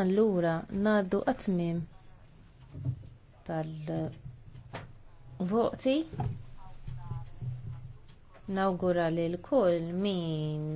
Allura ngħaddu għatmim tal-voti nawgura li l-kull min